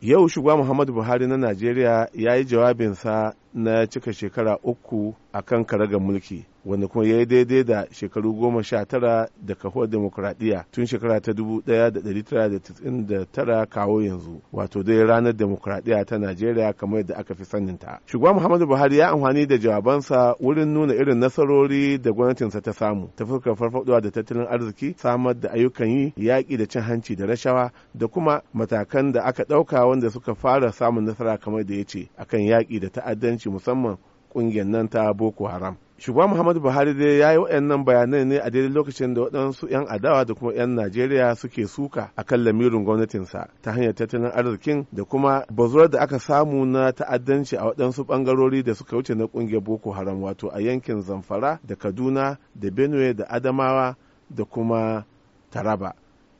Yau shugaba Muhammadu Buhari na Najeriya ya yi jawabinsa na cika shekara uku a kan karagar mulki. wanda kuma ya yi daidai da shekaru goma sha tara da kahuwar demokuraɗiyya tun shekara ta dubu ɗaya da ɗari tara da tisin da tara kawo yanzu wato dai ranar demokuraɗiyya ta najeriya kamar yadda aka fi sanin ta shugaban muhammadu buhari ya amfani da jawabansa wurin nuna irin nasarori da gwamnatinsa ta samu ta fuskar farfaɗowa da tattalin arziki samar da ayyukan yi yaƙi da cin hanci da rashawa da kuma matakan da aka ɗauka wanda suka fara samun nasara kamar da ya ce akan yaƙi da ta'addanci musamman ƙungiyar nan ta boko haram shugaba muhammadu buhari dai ya yi waɗannan bayanai ne a daidai lokacin da waɗansu 'yan adawa da kuma 'yan najeriya suke suka a kan lamirin gwamnatinsa ta hanyar tattalin arzikin da kuma bazuwar da aka samu na ta'addanci a waɗansu ɓangarori da suka wuce na ƙungiyar boko haram wato a yankin zamfara da kaduna da benue da adamawa da kuma taraba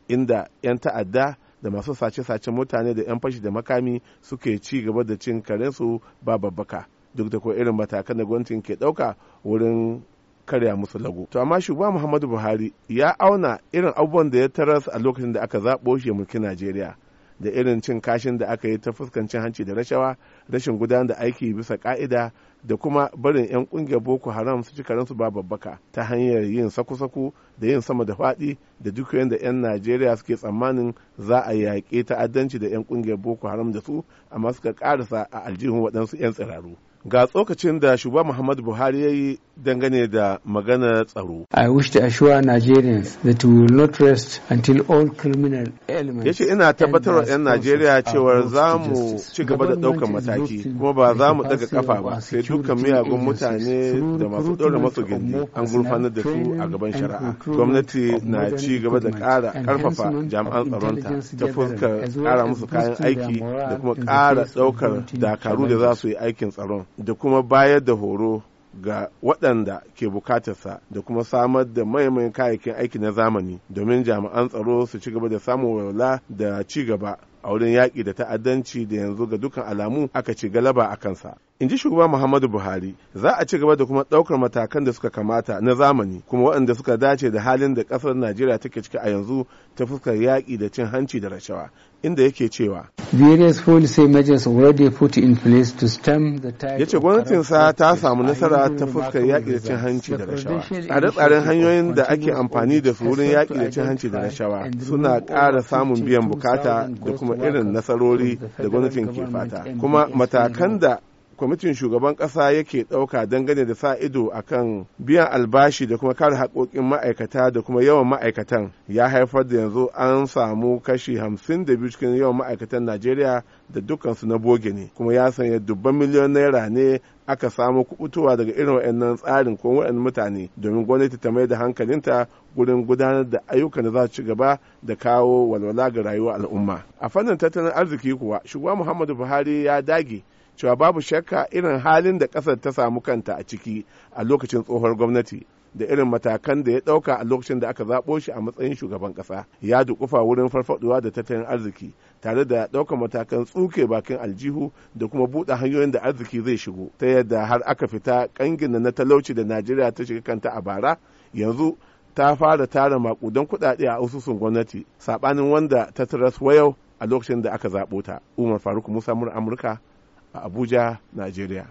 inda 'yan ta'adda da masu sace-sace mutane da 'yan fashi da makami suke ci gaba da cin karensu ba babbaka. duk da ko irin matakan da gwamnatin ke ɗauka wurin karya musu lagu. To amma shugaba Muhammadu Buhari ya auna irin abubuwan da ya taras a lokacin da aka zaɓo shi mulki Najeriya da irin cin kashin da aka yi ta fuskancin hanci da rashawa, rashin gudanar da aiki bisa ka'ida da kuma barin 'yan kungiyar boko haram su ci karansu ba babbaka ta hanyar yin saku-saku da yin sama da fadi da duk yadda 'yan najeriya suke tsammanin za a yaƙi ta'addanci da 'yan kungiyar boko haram da su amma suka ƙarasa a aljihun waɗansu 'yan tsiraru ga tsokacin da shugaba muhammadu buhari ya yi dangane da maganar tsaro i wish to assure nigerians that we will not rest until all criminal elements Ya ce ina tabbatar wa 'yan najeriya cewar za mu ci gaba da ɗaukar mataki kuma ba za mu ɗaga kafa ba sai dukkan miyagun mutane da masu ɗora masu gindi an gurfanar da su a gaban shari'a gwamnati na ci gaba da ƙara ƙarfafa jami'an tsaronta ta fuskar ƙara musu kayan aiki da kuma ƙara ɗaukar dakaru da za su yi aikin tsaron da kuma bayar da horo ga waɗanda ke bukatarsa da kuma samar da maimai kayayyakin aiki na zamani domin jami'an tsaro su ci gaba da samun walwala da ci gaba a wurin yaƙi da ta'addanci da yanzu ga dukan alamu aka ci galaba a kansa. in ji shugaba muhammadu buhari za a ci gaba da kuma ɗaukar matakan da suka kamata na zamani kuma waɗanda suka dace da halin da ƙasar najeriya take ciki a yanzu ta fuskar yaƙi da cin hanci da rashawa inda yake cewa various policy measures put in place to stem the gwamnatinsa ta samu nasara ta fuskar yaƙi da cin hanci da rashawa tsare-tsaren hanyoyin da ake amfani da su wurin yaƙi da cin hanci da rashawa suna ƙara samun biyan bukata da kuma irin nasarori da gwamnatin ke fata kuma matakan da kwamitin shugaban Kasa, yake ɗauka dangane da sa ido a kan biyan albashi da kuma kare haƙoƙin ma'aikata da kuma yawan ma'aikatan ya haifar da yanzu an samu kashi hamsin da biyu cikin yawan ma'aikatan najeriya da dukkansu na boge ne kuma ya sanya dubban miliyon naira ne aka samu kubutowa daga irin waɗannan tsarin ko waɗannan mutane domin gwamnati ta mai da hankalinta gurin gudanar da ayyukan da za su ci gaba da kawo walwala ga rayuwar al'umma a fannin tattalin arziki kuwa shugaba muhammadu buhari ya dage cewa babu shakka irin halin da ƙasar ta samu kanta a ciki a lokacin tsohon gwamnati da irin matakan da ya ɗauka a lokacin da aka zaɓo shi a matsayin shugaban ƙasa ya dukufa wurin farfaɗuwa da tattalin arziki tare da ɗaukar matakan tsuke bakin aljihu da kuma buɗe hanyoyin da arziki zai shigo ta yadda har aka fita ƙangin na talauci da najeriya ta shiga kanta a bara yanzu ta fara tara makudan kuɗaɗe a asusun gwamnati saɓanin wanda ta wayau a lokacin da aka zaɓo ta umar faruk musa mur amurka a Abuja, Najeriya.